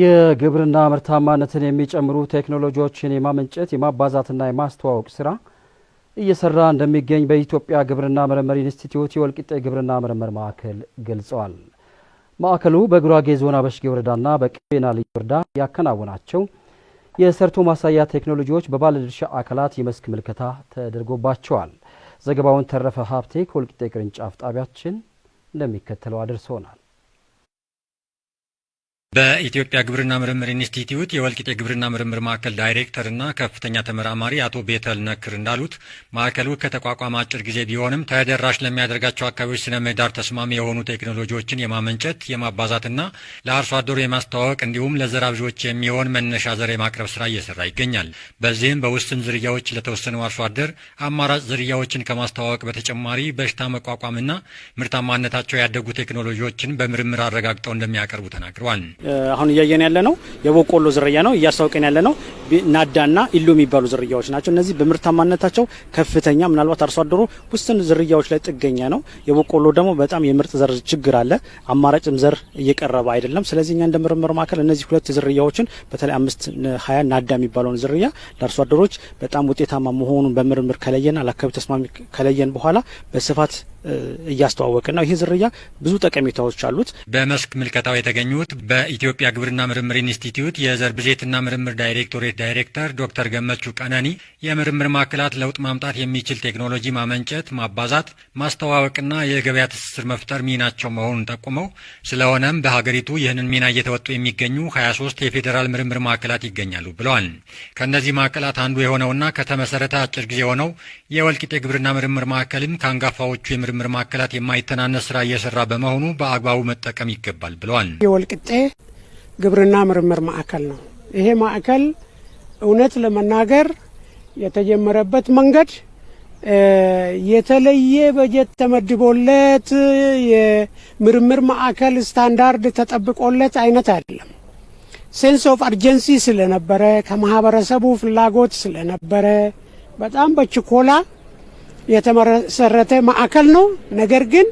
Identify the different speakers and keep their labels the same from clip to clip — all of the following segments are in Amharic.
Speaker 1: የግብርና ምርታማነትን የሚጨምሩ ቴክኖሎጂዎችን የማመንጨት የማባዛትና የማስተዋወቅ ስራ እየሰራ እንደሚገኝ በኢትዮጵያ ግብርና ምርምር ኢንስቲትዩት የወልቂጤ ግብርና ምርምር ማዕከል ገልጸዋል። ማዕከሉ በጉራጌ ዞን አበሽጌ ወረዳና በቀቤና ልዩ ወረዳ ያከናወናቸው የሰርቶ ማሳያ ቴክኖሎጂዎች በባለድርሻ አካላት የመስክ ምልከታ ተደርጎባቸዋል። ዘገባውን ተረፈ ሀብቴ ከወልቂጤ ቅርንጫፍ ጣቢያችን እንደሚከተለው አድርሶናል።
Speaker 2: በኢትዮጵያ ግብርና ምርምር ኢንስቲትዩት የወልቂጤ ግብርና ምርምር ማዕከል ዳይሬክተር እና ከፍተኛ ተመራማሪ አቶ ቤተል ነክር እንዳሉት ማዕከሉ ከተቋቋመ አጭር ጊዜ ቢሆንም ተደራሽ ለሚያደርጋቸው አካባቢዎች ስነ ምህዳር ተስማሚ የሆኑ ቴክኖሎጂዎችን የማመንጨት የማባዛትና ለአርሶ አደሩ የማስተዋወቅ እንዲሁም ለዘር አብዦች የሚሆን መነሻ ዘር የማቅረብ ስራ እየሰራ ይገኛል። በዚህም በውስን ዝርያዎች ለተወሰነው አርሶ አደር አማራጭ ዝርያዎችን ከማስተዋወቅ በተጨማሪ በሽታ መቋቋምና ምርታማነታቸው ያደጉ ቴክኖሎጂዎችን በምርምር አረጋግጠው እንደሚያቀርቡ ተናግረዋል።
Speaker 3: አሁን እያየን ያለ ነው የበቆሎ ዝርያ ነው እያስታወቀን ያለ ነው። ናዳና ኢሎ የሚባሉ ዝርያዎች ናቸው። እነዚህ በምርታማነታቸው ከፍተኛ ምናልባት አርሶ አደሩ ውስን ዝርያዎች ላይ ጥገኛ ነው። የበቆሎ ደግሞ በጣም የምርጥ ዘር ችግር አለ። አማራጭም ዘር እየቀረበ አይደለም። ስለዚህ እኛ እንደ ምርምር ማዕከል እነዚህ ሁለት ዝርያዎችን በተለይ አምስት ሀያ ናዳ የሚባለውን ዝርያ ለአርሶ አደሮች በጣም ውጤታማ መሆኑን በምርምር ከለየና ለአካባቢ ተስማሚ ከለየን በኋላ በስፋት እያስተዋወቀ ነው። ይህ ዝርያ ብዙ ጠቀሜታዎች አሉት።
Speaker 2: በመስክ ምልከታው የተገኙት በኢትዮጵያ ግብርና ምርምር ኢንስቲትዩት የዘር ብዜትና ምርምር ዳይሬክቶሬት ዳይሬክተር ዶክተር ገመቹ ቀነኒ የምርምር ማዕከላት ለውጥ ማምጣት የሚችል ቴክኖሎጂ ማመንጨት፣ ማባዛት፣ ማስተዋወቅና የገበያ ትስስር መፍጠር ሚናቸው መሆኑን ጠቁመው ስለሆነም በሀገሪቱ ይህንን ሚና እየተወጡ የሚገኙ 23 የፌዴራል ምርምር ማዕከላት ይገኛሉ ብለዋል። ከእነዚህ ማዕከላት አንዱ የሆነውና ከተመሰረተ አጭር ጊዜ የሆነው የወልቂጤ ግብርና ምርምር ማዕከልም ከአንጋፋዎቹ የምርምር ምርምር ማዕከላት የማይተናነስ ስራ እየሰራ በመሆኑ በአግባቡ መጠቀም ይገባል ብለዋል።
Speaker 4: የወልቅጤ ግብርና ምርምር ማዕከል ነው። ይሄ ማዕከል እውነት ለመናገር የተጀመረበት መንገድ የተለየ በጀት ተመድቦለት የምርምር ማዕከል ስታንዳርድ ተጠብቆለት አይነት አይደለም። ሴንስ ኦፍ አርጀንሲ ስለነበረ ከማህበረሰቡ ፍላጎት ስለነበረ በጣም በችኮላ የተመሰረተ ማዕከል ነው። ነገር ግን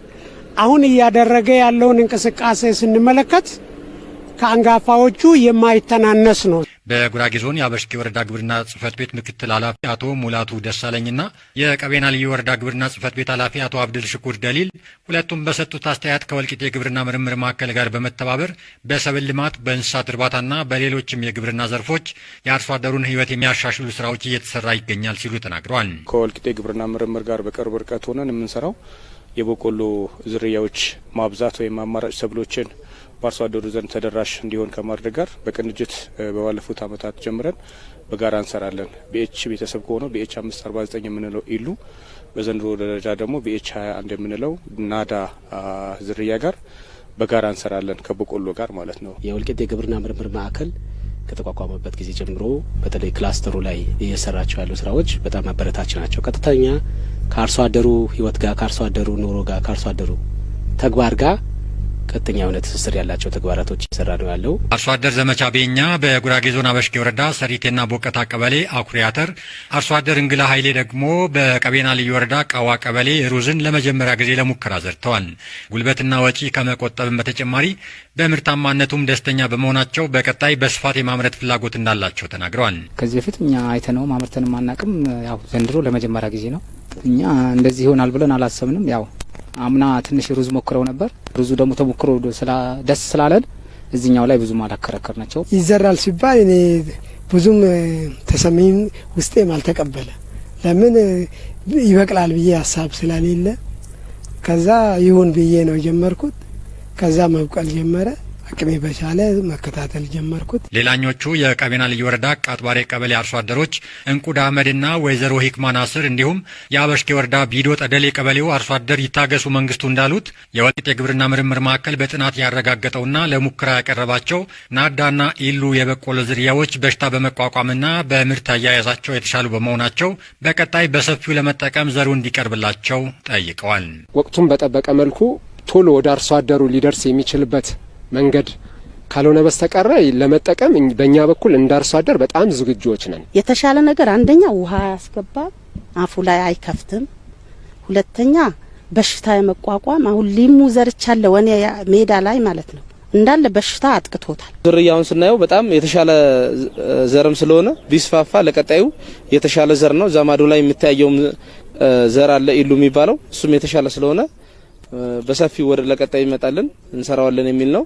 Speaker 4: አሁን እያደረገ ያለውን እንቅስቃሴ ስንመለከት ከአንጋፋዎቹ የማይተናነስ ነው።
Speaker 2: በጉራጌ ዞን የአበሽጌ ወረዳ ግብርና ጽህፈት ቤት ምክትል ኃላፊ አቶ ሙላቱ ደሳለኝና የቀቤና ልዩ ወረዳ ግብርና ጽህፈት ቤት ኃላፊ አቶ አብድል ሽኩር ደሊል ሁለቱም በሰጡት አስተያየት ከወልቂጤ የግብርና ምርምር ማዕከል ጋር በመተባበር በሰብል ልማት፣ በእንስሳት እርባታና በሌሎችም የግብርና ዘርፎች የአርሶ አደሩን ህይወት የሚያሻሽሉ ስራዎች እየተሰራ ይገኛል ሲሉ ተናግረዋል።
Speaker 5: ከወልቂጤ ግብርና ምርምር ጋር በቅርብ ርቀት ሆነን የምንሰራው የበቆሎ ዝርያዎች ማብዛት ወይም አማራጭ ሰብሎችን በአርሶ አደሩ ዘንድ ተደራሽ እንዲሆን ከማድረግ ጋር በቅንጅት በባለፉት አመታት ጀምረን በጋራ እንሰራለን። ቢኤች ቤተሰብ ከሆነው ቢኤች አምስት አርባ ዘጠኝ የምንለው ኢሉ በዘንድሮ ደረጃ ደግሞ ቢኤች ሀያ አንድ የምንለው ናዳ ዝርያ ጋር በጋራ እንሰራለን ከበቆሎ ጋር ማለት ነው።
Speaker 6: የወልቂጤ የግብርና ምርምር ማዕከል ከተቋቋመበት ጊዜ ጀምሮ በተለይ ክላስተሩ ላይ እየሰራቸው ያሉ ስራዎች በጣም አበረታች ናቸው። ቀጥተኛ ከአርሶ አደሩ ህይወት ጋር ከአርሶ አደሩ ኑሮ ጋር ከአርሶ አደሩ ተግባር ጋር ቀጥተኛ የሆነ ትስስር ያላቸው ተግባራቶች እየሰራ ነው ያለው።
Speaker 2: አርሶ አደር ዘመቻ ቤኛ በጉራጌ ዞን አበሽጌ ወረዳ ሰሪቴና ቦቀታ ቀበሌ አኩሪ አተር፣ አርሶ አደር እንግላ ኃይሌ ደግሞ በቀቤና ልዩ ወረዳ ቃዋ ቀበሌ ሩዝን ለመጀመሪያ ጊዜ ለሙከራ ዘርተዋል። ጉልበትና ወጪ ከመቆጠብም በተጨማሪ በምርታማነቱም ደስተኛ በመሆናቸው በቀጣይ በስፋት የማምረት ፍላጎት እንዳላቸው ተናግረዋል።
Speaker 7: ከዚህ በፊት እኛ አይተነውም ማምርተን ማናቅም፣ ያው ዘንድሮ ለመጀመሪያ ጊዜ ነው። እኛ እንደዚህ ይሆናል ብለን አላሰብንም። ያው አምና ትንሽ ሩዝ ሞክረው ነበር። ሩዙ ደግሞ ተሞክሮ ደስ ስላለን እዚኛው ላይ ብዙም አላከረከር ናቸው።
Speaker 8: ይዘራል ሲባል እኔ ብዙም ተሰሚኝ ውስጤም አልተቀበለ። ለምን ይበቅላል ብዬ ሀሳብ ስለሌለ ከዛ ይሁን ብዬ ነው ጀመርኩት ከዛ መብቀል ጀመረ። አቅሜ በቻለ መከታተል ጀመርኩት።
Speaker 2: ሌላኞቹ የቀቤና ልዩ ወረዳ ቃጥባሬ ቀበሌ አርሶ አደሮች እንቁድ አህመድና ወይዘሮ ሂክማ ናስር እንዲሁም የአበሽኬ ወረዳ ቢዶ ጠደሌ ቀበሌው አርሶ አደር ይታገሱ መንግስቱ እንዳሉት የወጤት የግብርና ምርምር ማዕከል በጥናት ያረጋገጠውና ለሙከራ ያቀረባቸው ናዳና ኢሉ የበቆሎ ዝርያዎች በሽታ በመቋቋምና በምርት አያያዛቸው የተሻሉ በመሆናቸው በቀጣይ በሰፊው ለመጠቀም ዘሩ እንዲቀርብላቸው ጠይቀዋል።
Speaker 9: ወቅቱን በጠበቀ መልኩ ቶሎ ወደ አርሶ አደሩ ሊደርስ የሚችልበት መንገድ ካልሆነ በስተቀረ ለመጠቀም በእኛ በኩል እንዳርሶ አደር በጣም ዝግጁዎች ነን።
Speaker 10: የተሻለ ነገር አንደኛ ውሃ አያስገባም፣ አፉ ላይ አይከፍትም። ሁለተኛ በሽታ የመቋቋም አሁን ሊሙ ዘርቻለ ወኔ ሜዳ ላይ ማለት ነው እንዳለ በሽታ አጥቅቶታል።
Speaker 11: ዝርያውን ስናየው በጣም የተሻለ ዘርም ስለሆነ ቢስፋፋ ለቀጣዩ የተሻለ ዘር ነው። ዛማዶ ላይ የምታያየውም ዘር አለ ኢሉ የሚባለው እሱም የተሻለ ስለሆነ በሰፊው ወደ ለቀጣይ ይመጣልን እንሰራዋለን የሚል ነው።